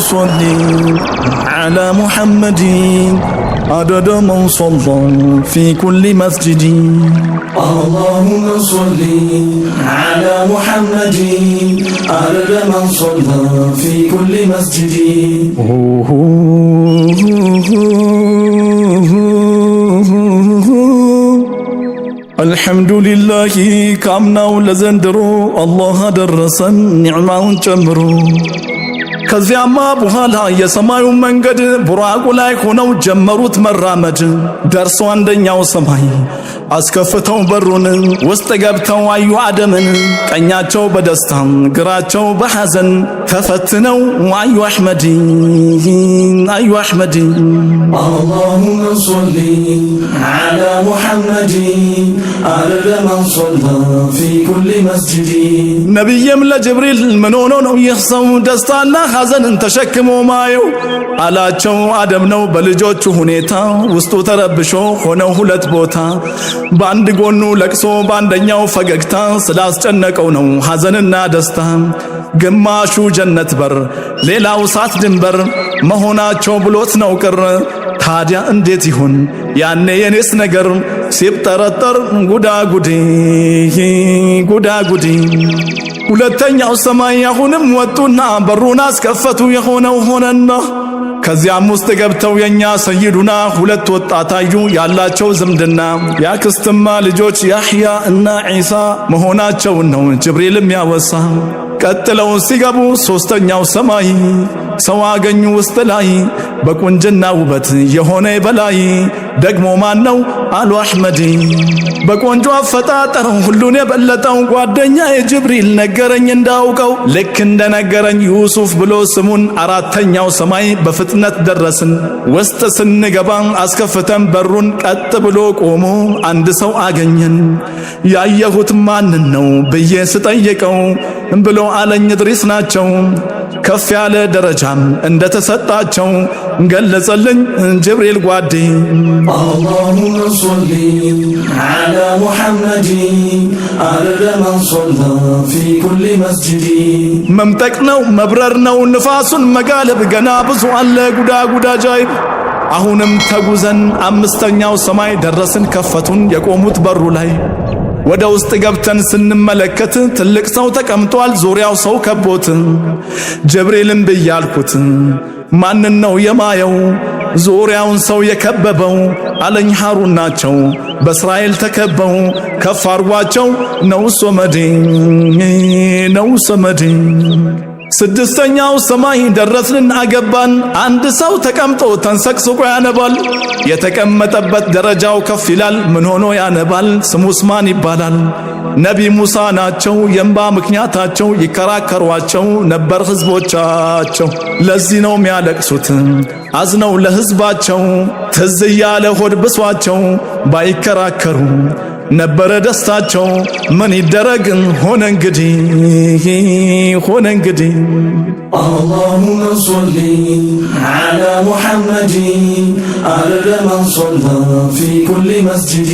صل على محمد عدد من صلى في كل مسجد اللهم صل على محمد عدد من صلى في كل مسجد አልሐምዱሊላሂ ካምናው ለዘንድሮ الله አደረሰን نعمه جمرو ከዚያማ በኋላ የሰማዩ መንገድ ቡራቁ ላይ ሆነው ጀመሩት መራመድ። ደርሶ አንደኛው ሰማይ አስከፍተው በሩን ውስጥ ገብተው አዩ አደምን። ቀኛቸው በደስታ ግራቸው በሐዘን ተፈትነው አዩ አሕመድን አዩ አሕመድን አላሁመ ሶሊ ዐላ ሙሐመድን አረደ መን ሶላ ፊ ኩሊ መስጅድ ነቢይም ለጅብሪል ምን ሆኖ ነው ይህ ሰው ደስታና ሐዘንን ተሸክሞ ማየው አላቸው አደም ነው በልጆቹ ሁኔታ ውስጡ ተረብሾ ሆነው ሁለት ቦታ በአንድ ጎኑ ለቅሶ በአንደኛው ፈገግታ ስላስጨነቀው ነው ሐዘንና ደስታ ግማሹ ጀነት በር ሌላው እሳት ድንበር መሆናቸው ብሎት ነው ቅር ታዲያ እንዴት ይሁን ያኔ የኔስ ነገር ሲብጠረጠር ጉዳጉዲ ጉዳጉዲ ሁለተኛው ሰማይ አሁንም ወጡና በሩን አስከፈቱ። የሆነው ሆነና ከዚያም ውስጥ ገብተው የኛ ሰይዱና ሁለት ወጣት አዩ። ያላቸው ዝምድና ያክስትማ ልጆች ያህያ እና ዒሳ መሆናቸውን ነው ጅብሪልም ያወሳ። ቀጥለው ሲገቡ ሦስተኛው ሰማይ ሰው አገኙ ውስጥ ላይ በቁንጅና ውበት የሆነ በላይ ደግሞ ማን ነው አሉ አሕመድ በቆንጆ አፈጣጠር ሁሉን የበለጠው ጓደኛ የጅብሪል ነገረኝ እንዳውቀው ልክ እንደነገረኝ ዩሱፍ ብሎ ስሙን አራተኛው ሰማይ በፍጥነት ደረስን ውስጥ ስንገባ አስከፍተን በሩን ቀጥ ብሎ ቆሞ አንድ ሰው አገኘን ያየሁት ማንን ነው ብዬ ስጠይቀው ብሎ አለኝ እድሪስ ናቸው ከፍ ያለ ደረጃም እንደተሰጣቸው ገለጸልኝ ጅብሪል ጓዴ اللهم صل على محمد عدد من صلى في كل مسجد መምጠቅ ነው መብረር ነው ንፋሱን መጋለብ ገና ብዙ አለ ጉዳ ጉዳ ጃይብ አሁንም ተጉዘን አምስተኛው ሰማይ ደረስን ከፈቱን የቆሙት በሩ ላይ ወደ ውስጥ ገብተን ስንመለከት ትልቅ ሰው ተቀምጧል፣ ዙሪያው ሰው ከቦት ጀብሪልን ብያልኩት ማንን ነው የማየው? ዙሪያውን ሰው የከበበው አለኝ ሐሩን ናቸው በእስራኤል ተከበው ከፍ አርጓቸው ነው ሶመዴ ነው ሶመዴ ስድስተኛው ሰማይ ደረስን አገባን። አንድ ሰው ተቀምጦ ተንሰቅስቆ ያነባል። የተቀመጠበት ደረጃው ከፍ ይላል። ምን ሆኖ ያነባል? ስሙ ዑስማን ይባላል? ነቢ ሙሳ ናቸው። የእንባ ምክንያታቸው ይከራከሯቸው ነበር ሕዝቦቻቸው። ለዚህ ነው የሚያለቅሱት አዝነው ለሕዝባቸው፣ ትዝ እያለ ሆድ ብሷቸው ባይከራከሩ ነበረ ደስታቸው። ምን ይደረግን ሆነ እንግዲህ ሆነ እንግዲህ አላሁመ ሶሊ ዐላ ሙሐመድ አረደ መን ሶላ ፊ ኩሊ መስጂድ።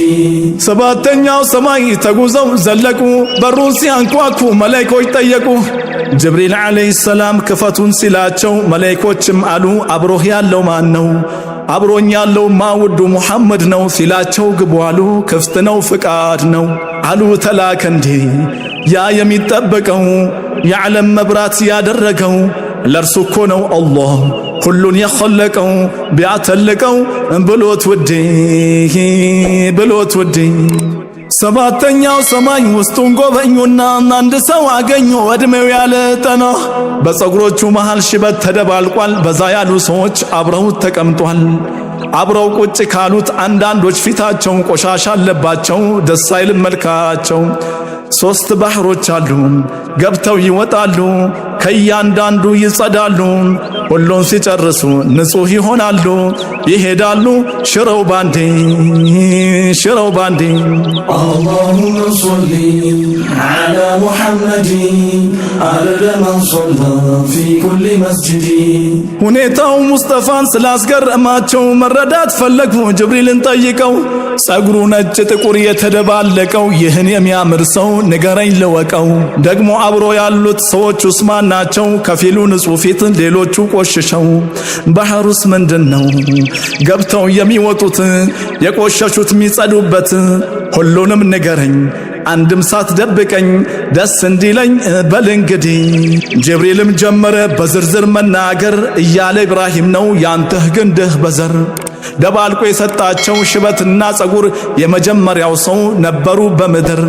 ሰባተኛው ሰማይ ተጉዘው ዘለቁ፣ በሩ ሲያንኳኩ መላይኮች ጠየቁ። ጅብሪል ዓለይሂ ሰላም ክፈቱን ሲላቸው መላይኮችም አሉ አብሮህ ያለው ማን ነው? አብሮኝ ያለውማ ውዱ ሙሐመድ ነው ሲላቸው ግቡ አሉ። ክፍት ነው ፍቃድ ነው አሉ ተላከ እንዴ ያ የሚጠበቀው የዓለም መብራት ያደረገው ለእርሱ እኮ ነው አላህ ሁሉን የኸለቀው ቢያተልቀው ብሎት ውዴ ብሎት ውዴ ሰባተኛው ሰማይ ውስጡን ጎበኙና አንድ ሰው አገኙ እድሜው ያለጠ ነው። በፀጉሮቹ መሃል ሽበት ተደባልቋል። በዛ ያሉ ሰዎች አብረውት ተቀምጧል። አብረው ቁጭ ካሉት አንዳንዶች ፊታቸው ቆሻሻ አለባቸው፣ ደስ አይልም መልካቸው። ሶስት ባህሮች አሉ ገብተው ይወጣሉ። ከእያንዳንዱ ይጸዳሉ። ሁሉን ሲጨርሱ ንጹህ ይሆናሉ። ይሄዳሉ ሽረው ባንዲ ሽረው ባንዴ አላሁመ ሶሊ ዐላ ሙሐመድ አረደ መን ሶላ ፊ ኩሊ መስጅድ። ሁኔታው ሙስጠፋን ስላስገረማቸው መረዳት ፈለግሁ ጅብሪልን ጠይቀው ጸጉሩ ነጭ ጥቁር የተደባለቀው ይህን የሚያምር ሰው ንገረኝ ልወቀው። ደግሞ አብሮ ያሉት ሰዎች ዑስማን ናቸው። ከፊሉ ንጹሕ ፊት፣ ሌሎቹ ቆሽሸው። ባህሩስ ምንድን ነው? ገብተው የሚወጡት የቆሸሹት የሚጸዱበት፣ ሁሉንም ንገረኝ አንድም ሳትደብቀኝ ደስ እንዲለኝ በል እንግዲህ። ጅብሪልም ጀመረ በዝርዝር መናገር እያለ ኢብራሂም ነው ያንተህ ግንድህ በዘር ደባልቆ የሰጣቸው ሽበትና ጸጉር የመጀመሪያው ሰው ነበሩ በምድር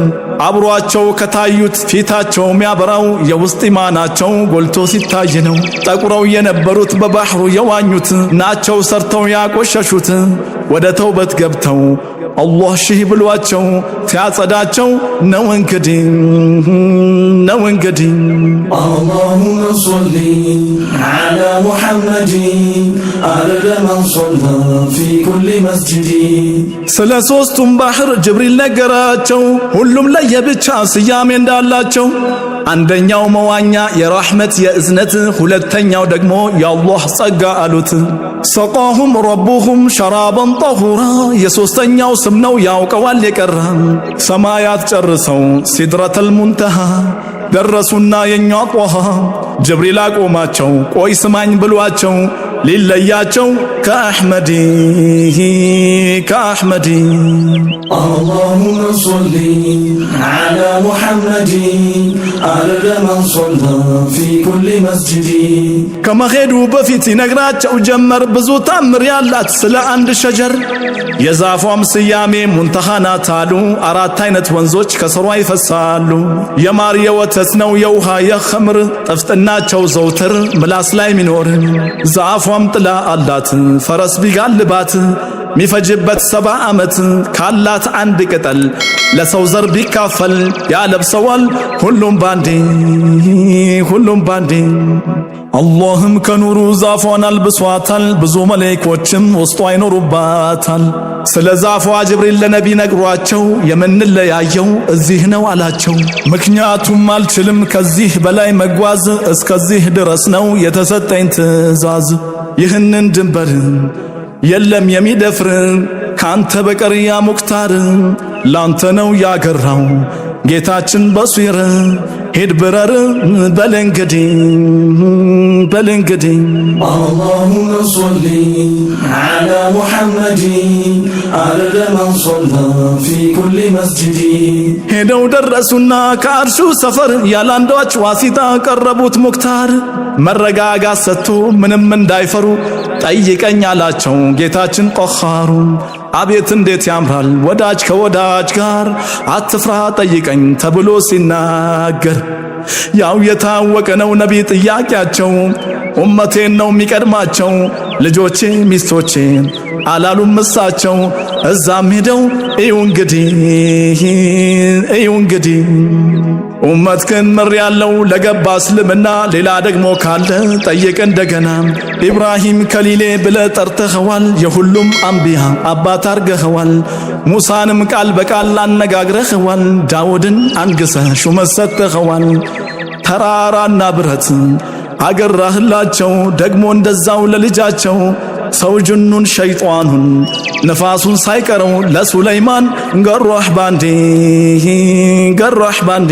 አብሯቸው ከታዩት ፊታቸው የሚያበራው የውስጥ ኢማናቸው ጎልቶ ሲታይ ነው። ጠቁረው የነበሩት በባሕሩ የዋኙት ናቸው ሰርተው ያቆሸሹት ወደ ተውበት ገብተው አላህ ሺህ ብሏቸው ሲያጸዳቸው ነው እንግዲህ ነው እንግዲህ አላሁመ ሶሊ ዐላ ሙሐመድ አረደ መን ሶላ ፊ ኩሊ መስጂድ። ስለ ሶስቱም ባህር ጅብሪል ነገራቸው ሁሉም ለየብቻ ስያሜ እንዳላቸው አንደኛው መዋኛ የራሕመት የእዝነት፣ ሁለተኛው ደግሞ የአላህ ጸጋ አሉት። ሰቃሁም ረቡሁም ሸራበን ጠሁራ የሶስተኛው ስም ነው ያውቀዋል የቀራ! ሰማያት ጨርሰው ሲድረተል ሙንተሃ ደረሱና የኛ ጦሃ ጅብሪል አቆማቸው ቆይ ስማኝ ብሏቸው ሊለያቸው ከአሕመዲ ከአሕመዲ አላሁመ ሶሊ መን ሶላ ፊ ከመሄዱ በፊት ይነግራቸው ጀመር ብዙ ታምር ያላት ስለ አንድ ሸጀር የዛፏም ስያሜ ሙንተሃና ናት አሉ። አራት አይነት ወንዞች ከስሯ ይፈሳሉ። የማር የወተት ነው የውሃ የኸምር ጥፍጥናቸው ዘውትር ምላስ ላይ ሚኖር ዛፏ ራሷም ጥላ አላት ፈረስ ቢጋልባት ሚፈጅበት ሰባ ዓመት ካላት አንድ ቅጠል ለሰው ዘር ቢካፈል ያለብሰዋል ሁሉም ባንዴ ሁሉም ባንዴ። አላህም ከኑሩ ዛፏን አልብሷታል፣ ብዙ መላእክቶችም ውስጧ ይኖሩባታል። ስለ ዛፏ ጅብሪል ለነቢ ነግሯቸው የምንለያየው እዚህ ነው አላቸው። ምክንያቱም አልችልም ከዚህ በላይ መጓዝ፣ እስከዚህ ድረስ ነው የተሰጠኝ ትዕዛዝ ይህንን ድንበር የለም የሚደፍር ካንተ በቀር ያ ሙክታር ላንተ ነው ያገራው ጌታችን በሲር ሄድ ብረር በል እንግዲህ አላሁመ ሶሊ ዐላ ሙሐመድ አረደ መን ሶላ ፊ ኩሊ መስጂድ ሄደው ደረሱና ከአርሹ ሰፈር ያላንዷ ዋሲጣ ቀረቡት ሙክታር መረጋጋት ሰጥቶ ምንም እንዳይፈሩ ጠይቀኝ አላቸው ጌታችን ቆኻሩ አቤት እንዴት ያምራል ወዳጅ ከወዳጅ ጋር አትፍራ ጠይቀኝ ተብሎ ሲናገር ያው የታወቀ ነው። ነቢ ጥያቄያቸው ኡመቴን ነው የሚቀድማቸው ልጆቼ ሚስቶቼ አላሉም እሳቸው። እዛም ሄደው እዩ እንግዲህ እዩ እንግዲህ ኡመት ግን ምር ያለው ለገባ እስልምና ሌላ ደግሞ ካለ ጠይቅ እንደገና። ኢብራሂም ከሊሌ ብለ ጠርተኸዋል፣ የሁሉም አንቢያ አባት አርገኸዋል። ሙሳንም ቃል በቃል አነጋግረኸዋል፣ ዳውድን አንግሰ ሹመት ሰጥተኸዋል። ተራራና ብረት አገራህላቸው ደግሞ እንደዛው ለልጃቸው ሰው ጅኑን ሸይጧኑን ነፋሱን ሳይቀረው ለሱለይማን ገራህ ባንዴ ገራህ ባንዴ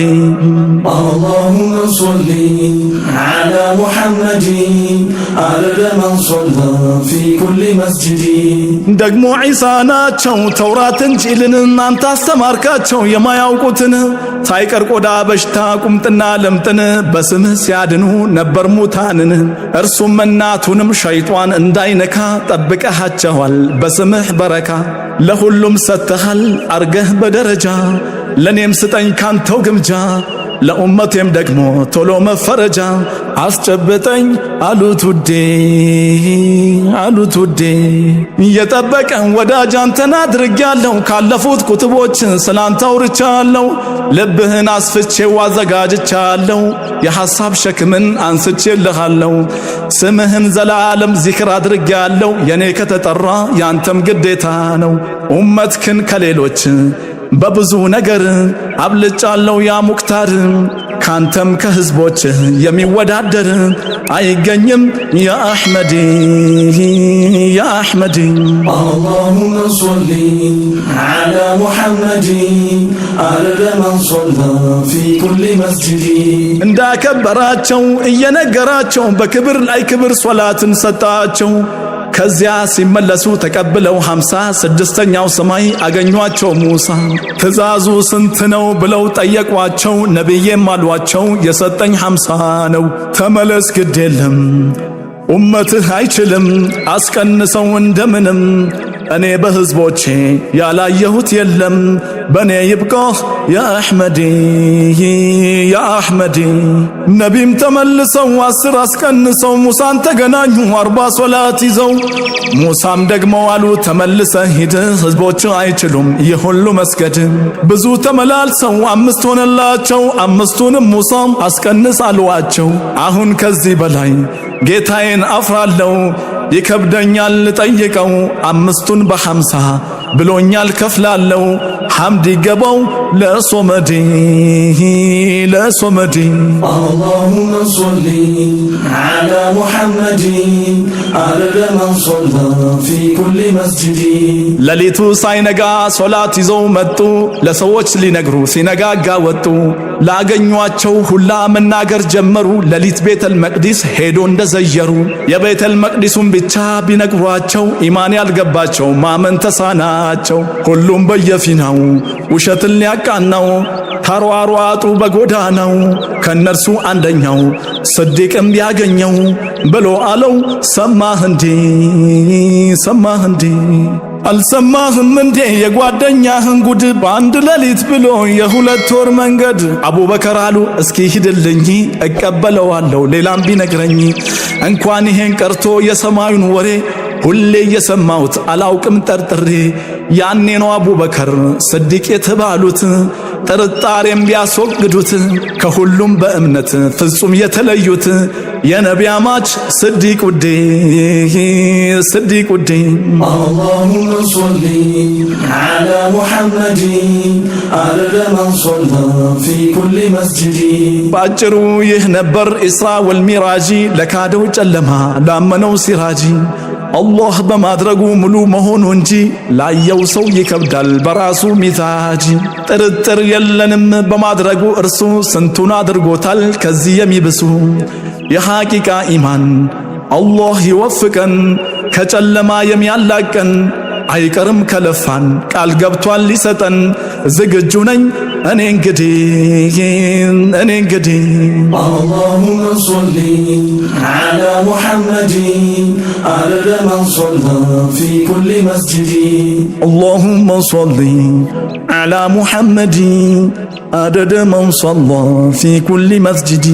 አላሁመ ሶሊ ዐላ ሙሐመድ አደደ መን ሶላ ፊ ኩሊ መስጂድ ደግሞ ዒሳ ናቸው ተውራትን ጅልን እናንተ አስተማርካቸው የማያውቁትን ሳይቀር ቆዳ በሽታ ቁምጥና ለምጥን በስምህ ሲያድኑ ነበር ሙታንን እርሱም እናቱንም ሸይጧን እንዳይነካ ጠብቀሃቸዋል፣ በስምህ በረካ ለሁሉም ሰጥተሃል አርገህ በደረጃ ለኔም ስጠኝ ካንተው ግምጃ ለኡመቴም ደግሞ ቶሎ መፈረጃ አስጨብጠኝ አሉት ውዴ አሉት ውዴ እየጠበቀን ወዳጅ አንተን አድርጌያለሁ ካለፉት ቁጥቦችን ስላንተ አውርቻለሁ ልብህን አስፍቼው አዘጋጅቻለሁ የሐሳብ ሸክምን አንስቼልሃለሁ ስምህን ዘላለም ዚክር አድርጌያለሁ የኔ ከተጠራ ያንተም ግዴታ ነው ኡመትክን ከሌሎች በብዙ ነገር አብልጫለው ያ ሙክታር ካንተም ከህዝቦች የሚወዳደር አይገኝም ያ አህመድ ያ አህመድ አላሁመ ሶሊ ዐላ ሙሐመድ አረደ መን ሶላ ፊ ኩሊ መስጅድ እንዳከበራቸው እየነገራቸው በክብር ላይ ክብር ሶላትን ሰጣቸው። ከዚያ ሲመለሱ ተቀብለው ሃምሳ ስድስተኛው ሰማይ አገኟቸው። ሙሳ ትእዛዙ ስንት ነው ብለው ጠየቋቸው። ነቢዬም አሏቸው የሰጠኝ ሃምሳ ነው። ተመለስ፣ ግድ የለም፣ ኡመትህ አይችልም፣ አስቀንሰው እንደምንም እኔ በሕዝቦቼ ያላየሁት የለም በእኔ ይብቃህ የአሕመዲ የአሕመዲ ነቢም ተመልሰው አስር አስቀንሰው ሙሳን ተገናኙ አርባ ሶላት ይዘው ሙሳም ደግሞ አሉ ተመልሰ ሂድ ሕዝቦች አይችሉም ይህ ሁሉ መስገድ ብዙ ተመላልሰው አምስት ሆነላቸው አምስቱንም ሙሳም አስቀንስ አልዋቸው አሁን ከዚህ በላይ ጌታዬን አፍራለው ይከብደኛል ልጠይቀው አምስቱን በሐምሳ ብሎኛል ከፍላለው ሐምድ ይገባው ለሶመዴ ለሶመዴ اللهم صل على محمد عدد من صلى في كل مسجد ለሊቱ ሳይነጋ ሶላት ይዘው መጡ ለሰዎች ሊነግሩ ሲነጋጋ ወጡ ላገኟቸው ሁላ መናገር ጀመሩ። ለሊት ቤተል መቅዲስ ሄዶ እንደዘየሩ የቤተል መቅዲሱን ብቻ ቢነግሯቸው ኢማን ያልገባቸው ማመን ተሳናቸው። ሁሉም በየፊናው ውሸትን ሊያቃናው ተሯሯጡ በጎዳናው ከነርሱ አንደኛው ስዲቅም ያገኘው ብሎ አለው ሰማህ እንዴ ሰማህ እንዴ አልሰማህም እንዴ የጓደኛህን ጉድ በአንድ ሌሊት ብሎ የሁለት ወር መንገድ አቡበከር አሉ እስኪ ሂድልኝ እቀበለዋለሁ ሌላም ቢነግረኝ እንኳን ይሄን ቀርቶ የሰማዩን ወሬ ሁሌ እየሰማሁት አላውቅም ጠርጥሬ ያኔ ነው አቡበከር ስድቅ የተባሉት ጥርጣሬም ቢያስወግዱት ከሁሉም በእምነት ፍጹም የተለዩት የነቢያ ማች ስዲቅ ውዴ ስዲቅ ውዴ አላሁመ ሶሊ ዐላ ሙሐመድ አረደ መን ፊ ኩል መስጅድ። በአጭሩ ይህ ነበር ኢስራ ወልሚራጂ ለካደው ጨለማ ላመነው ሲራጂ አላህ በማድረጉ ሙሉ መሆኑ እንጂ ላየው ሰው ይከብዳል በራሱ ሚዛጅ። ጥርጥር የለንም በማድረጉ እርሱ ስንቱን አድርጎታል ከዚህ የሚብሱ የሐቂቃ ኢማን አላህ ይወፍቀን ከጨለማ የሚያላቀን አይቀርም ከለፋን ቃል ገብቷል ሊሰጠን ዝግጁ ነኝ። እኔ እንግዲህ እኔ እንግዲህ አላሁመ ሶሊ ዐላ ሙሐመድ አደደ መን ሶላ ፊ ኩሊ መስጂድ አላሁመ ሶሊ ዐላ ሙሐመድ አደደ መን ሶላ ፊ ኩሊ መስጅድ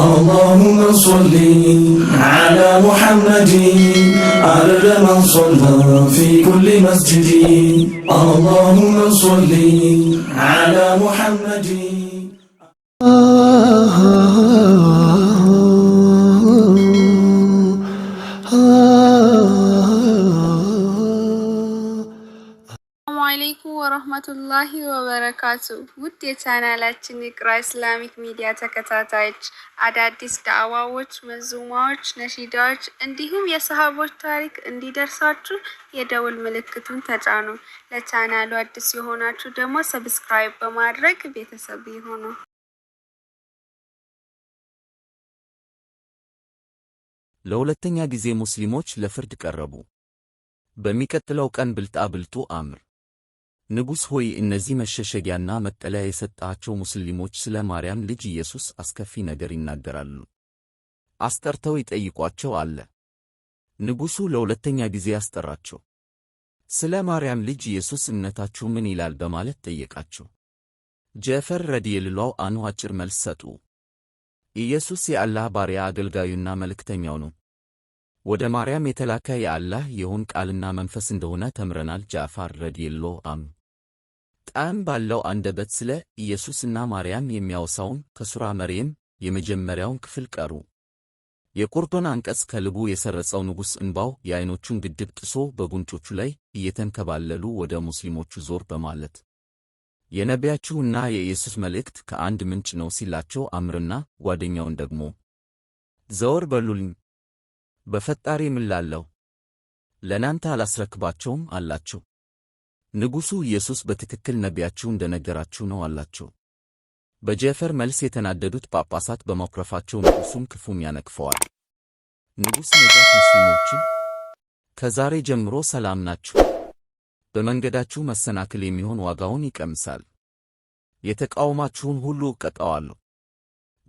አላሁመ ሶሊ ዐላ ሙሐመድ አደደ መን ሶላ ፊ ኩሊ መስጂድ አላሁመ ሶሊ ዐላ محمد آه. አለይኩም ወረህመቱላሂ ወበረካቱ ውድ የቻናላችን የቅራ ኢስላሚክ ሚዲያ ተከታታዮች አዳዲስ ዳዕዋዎች፣ መዙማዎች፣ ነሺዳዎች እንዲሁም የሰሃቦች ታሪክ እንዲደርሳችሁ የደውል ምልክቱን ተጫኑ። ለቻናሉ አዲስ የሆናችሁ ደግሞ ሰብስክራይብ በማድረግ ቤተሰብ ይሁኑ። ለሁለተኛ ጊዜ ሙስሊሞች ለፍርድ ቀረቡ። በሚቀጥለው ቀን ብልጣ ብልጡ አምር ንጉሥ ሆይ እነዚህ መሸሸጊያና መጠለያ የሰጣቸው ሙስሊሞች ስለ ማርያም ልጅ ኢየሱስ አስከፊ ነገር ይናገራሉ። አስጠርተው ይጠይቋቸው አለ። ንጉሡ ለሁለተኛ ጊዜ አስጠራቸው። ስለ ማርያም ልጅ ኢየሱስ እምነታችሁ ምን ይላል በማለት ጠየቃቸው። ረድ ረዲየላሁ ዐንሁ አጭር መልስ ሰጡ። ኢየሱስ የአላህ ባሪያ አገልጋዩና መልእክተኛው ነው። ወደ ማርያም የተላከ የአላህ የሆን ቃልና መንፈስ እንደሆነ ተምረናል። ጃዕፈር ረዲየላሁ ዐንሁ ጣዕም ባለው አንደበት ስለ ኢየሱስና ማርያም የሚያወሳውን ከሱራ መርየም የመጀመሪያውን ክፍል ቀሩ። የቁርዶን አንቀጽ ከልቡ የሰረጸው ንጉሥ እንባው የዐይኖቹን ግድብ ጥሶ በጉንጮቹ ላይ እየተንከባለሉ ወደ ሙስሊሞቹ ዞር በማለት የነቢያችሁና የኢየሱስ መልእክት ከአንድ ምንጭ ነው ሲላቸው አምርና ጓደኛውን ደግሞ ዘወር በሉልኝ፣ በፈጣሪ ምላለሁ ለናንተ አላስረክባቸውም አላቸው። ንጉሡ ኢየሱስ በትክክል ነቢያችሁ እንደነገራችሁ ነው አላቸው። በጀፈር መልስ የተናደዱት ጳጳሳት በመኩረፋቸው ንጉሡም ክፉም ያነክፈዋል። ንጉሥ ነጃት ሙስሊሞችን ከዛሬ ጀምሮ ሰላም ናችሁ፣ በመንገዳችሁ መሰናክል የሚሆን ዋጋውን ይቀምሳል፣ የተቃውማችሁን ሁሉ እቀጣዋለሁ፣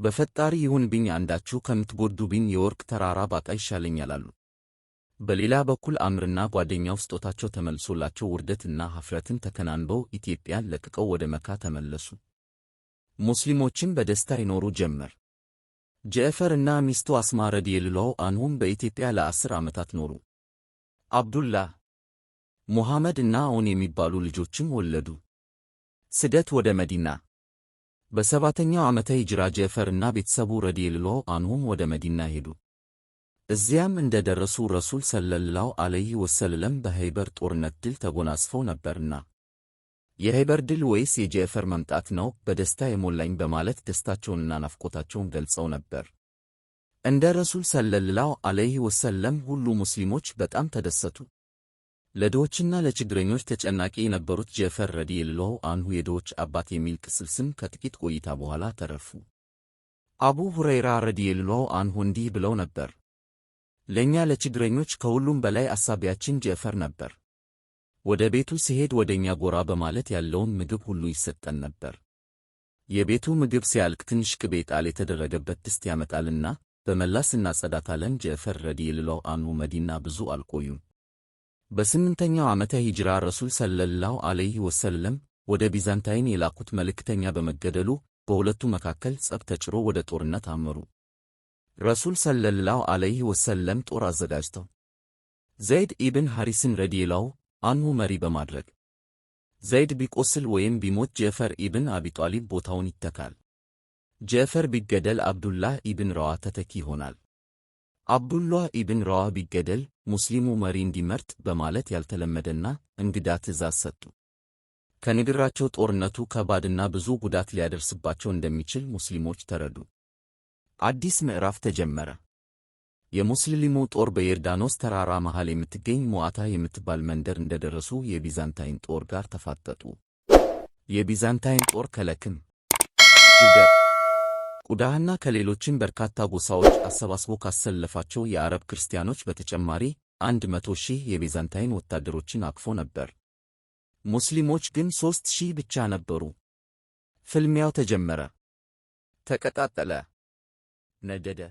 በፈጣሪ ይሁን ብኝ አንዳችሁ ከምትጎዱ ብኝ የወርቅ ተራራ ባጣ ይሻለኛል አሉ። በሌላ በኩል አምርና ጓደኛው ስጦታቸው ተመልሶላቸው ውርደትና ሐፍረትን ተከናንበው ኢትዮጵያን ለቅቀው ወደ መካ ተመለሱ። ሙስሊሞችም በደስታ ይኖሩ ጀመር። እና ሚስቱ አስማ ረዲየላሁ አንሁም በኢትዮጵያ ለአስር ዓመታት ኖሩ። አብዱላህ፣ ሙሐመድ እና ኦን የሚባሉ ልጆችም ወለዱ። ስደት ወደ መዲና በሰባተኛው ዓመተ ሂጅራ እና ቤተሰቡ ረዲየላሁ አንሁም ወደ መዲና ሄዱ። እዚያም እንደ ደረሱ ረሱል ሰለላው አለይ ወሰለም በኸይበር ጦርነት ድል ተጎናጽፈው ነበርና የኸይበር ድል ወይስ የጀፈር መምጣት ነው በደስታ የሞላኝ በማለት ደስታቸውንና ናፍቆታቸውን ገልጸው ነበር። እንደ ረሱል ሰለላው ዐለይሂ ወሰለም ሁሉ ሙስሊሞች በጣም ተደሰቱ። ለድሆችና ለችግረኞች ተጨናቂ የነበሩት ጀፈር ረዲየላሁ አንሁ የድሆች አባት የሚል ቅጽል ስም ከጥቂት ቆይታ በኋላ ተረፉ። አቡ ሁረይራ ረዲየላሁ አንሁ እንዲህ ብለው ነበር ለእኛ ለችግረኞች ከሁሉም በላይ አሳቢያችን ጀፈር ነበር። ወደ ቤቱ ሲሄድ ወደ እኛ ጎራ በማለት ያለውን ምግብ ሁሉ ይሰጠን ነበር። የቤቱ ምግብ ሲያልቅ ትንሽ ቅቤ ጣል የተደረገበት ድስት ያመጣልና በመላስ እናጸዳታለን። ጀፈር ረዲ ልለው አኑ መዲና ብዙ አልቆዩም። በስምንተኛው ዓመተ ሂጅራ ረሱል ሰለላሁ ዐለይሂ ወሰለም ወደ ቢዛንታይን የላኩት መልእክተኛ በመገደሉ በሁለቱ መካከል ጸብ ተጭሮ ወደ ጦርነት አመሩ። ረሱል ሰለላሁ ዐለይሂ ወሰለም ጦር አዘጋጅተው ዘይድ ኢብን ሐሪስን ረዲየላሁ አንሁ መሪ በማድረግ ዘይድ ቢቆስል ወይም ቢሞት ጀፈር ኢብን አቢጣሊብ ቦታውን ይተካል። ጀፈር ቢገደል አብዱላህ ኢብን ረዋ ተተኪ ይሆናል። አብዱላህ ኢብን ረዋ ቢገደል ሙስሊሙ መሪ እንዲመርጥ በማለት ያልተለመደና እንግዳ ትዕዛዝ ሰጡ። ከንግግራቸው ጦርነቱ ከባድና ብዙ ጉዳት ሊያደርስባቸው እንደሚችል ሙስሊሞች ተረዱ። አዲስ ምዕራፍ ተጀመረ። የሙስሊሙ ጦር በዮርዳኖስ ተራራ መሃል የምትገኝ ሞዓታ የምትባል መንደር እንደደረሱ የቢዛንታይን ጦር ጋር ተፋጠጡ። የቢዛንታይን ጦር ከለክም፣ ጅደር፣ ቁዳህና ከሌሎችን በርካታ ጎሳዎች አሰባስቦ ካሰለፋቸው የአረብ ክርስቲያኖች በተጨማሪ አንድ መቶ ሺህ የቢዛንታይን ወታደሮችን አቅፎ ነበር። ሙስሊሞች ግን ሦስት ሺህ ብቻ ነበሩ። ፍልሚያው ተጀመረ፣ ተቀጣጠለ። ነደደ።